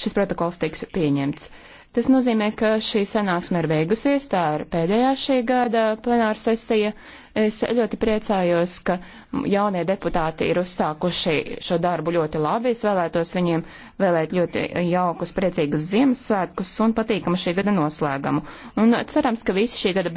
šis protokols tiks pieņemts. Tas nozīmē, ka šī sanāksme ir beigusies, tā ir pēdējā šī gada plenāra sesija. Es ļoti priecājos, ka jaunie deputāti ir uzsākuši šo darbu ļoti labi. Es vēlētos viņiem vēlēt ļoti jaukus, priecīgus Ziemassvētkus un patīkamu šī gada noslēgumu. Un cerams, ka visi šī gada beigās.